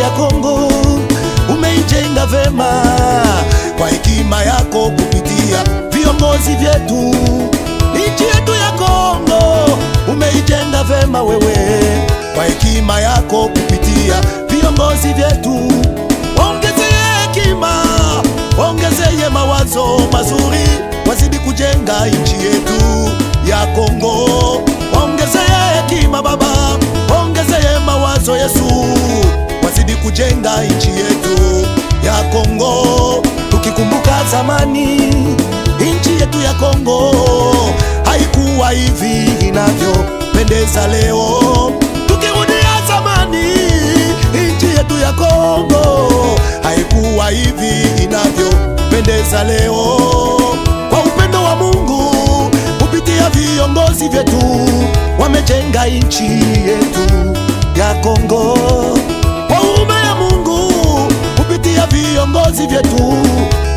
ya Kongo umeijenga vema kwa hekima yako kupitia viongozi vyetu. Nchi yetu ya Kongo umeijenga vema wewe kwa hekima yako kupitia viongozi vyetu. Ongezeye hekima, ongezeye mawazo mazuri, wazidi kujenga nchi yetu ya Kongo. Ongezeye hekima Baba, ongezeye mawazo Yesu kujenga nchi yetu ya Kongo, tukikumbuka zamani nchi yetu ya Kongo haikuwa hivi inavyopendeza leo. Tukirudia zamani nchi yetu ya Kongo haikuwa hivi inavyopendeza leo. Kwa upendo wa Mungu kupitia viongozi vyetu wamejenga nchi yetu ya Kongo viongozi vyetu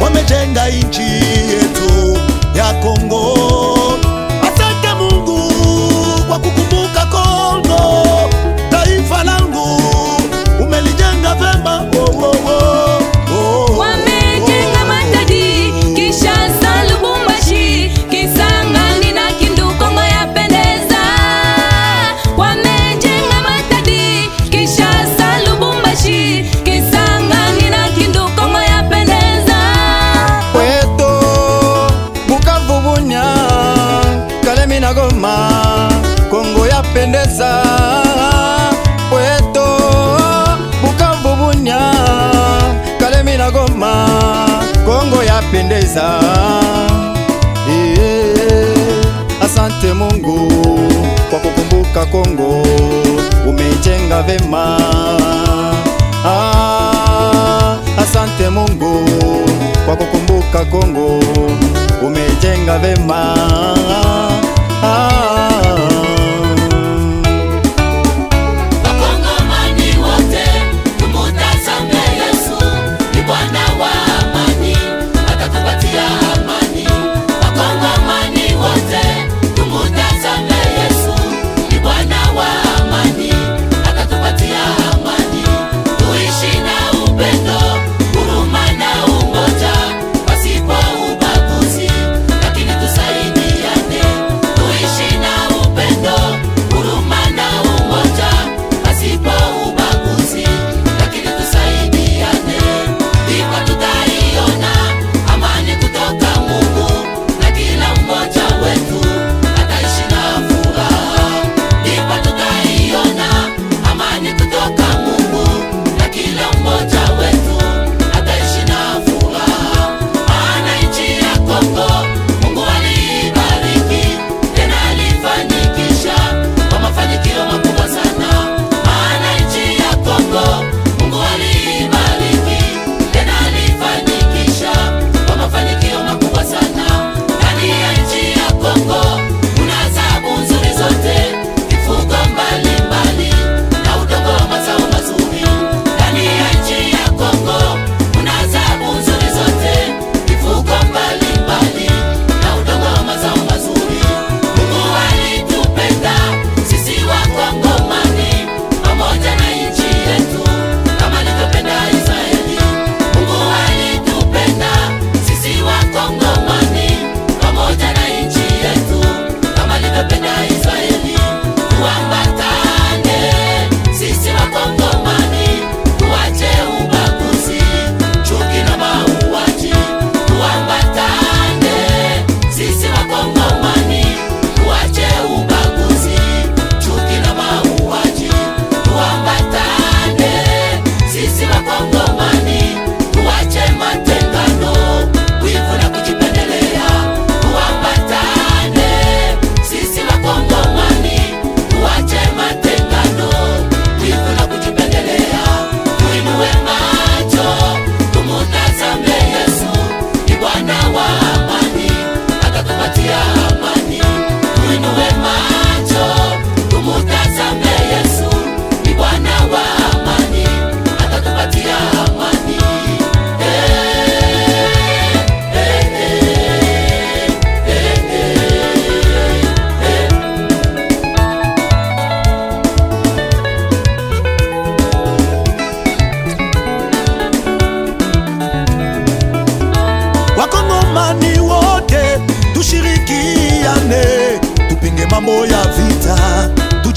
wamejenga nchi yetu. Goma, Kongo ya pendeza, Pweto, Bukavu, Bunya, Kalemi na Goma, Kongo ya pendeza. Eh, asante Mungu kwa kukumbuka Kongo, umejenga vema. Ah, asante Mungu kwa kukumbuka Kongo, umejenga vema. Oh.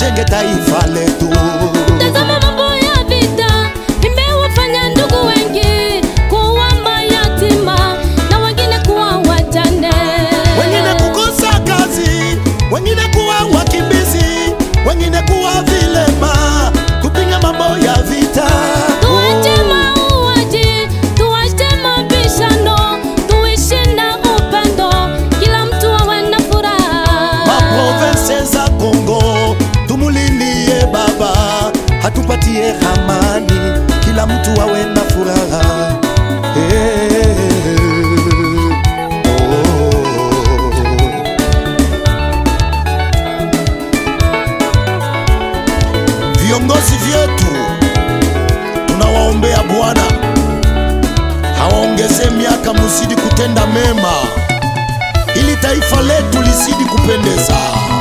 chegue taifa letu nipatie amani, kila mtu awe na furaha eh. Viongozi vyetu tunawaombea Bwana hawaongezee miaka, muzidi kutenda mema ili taifa letu lizidi kupendeza.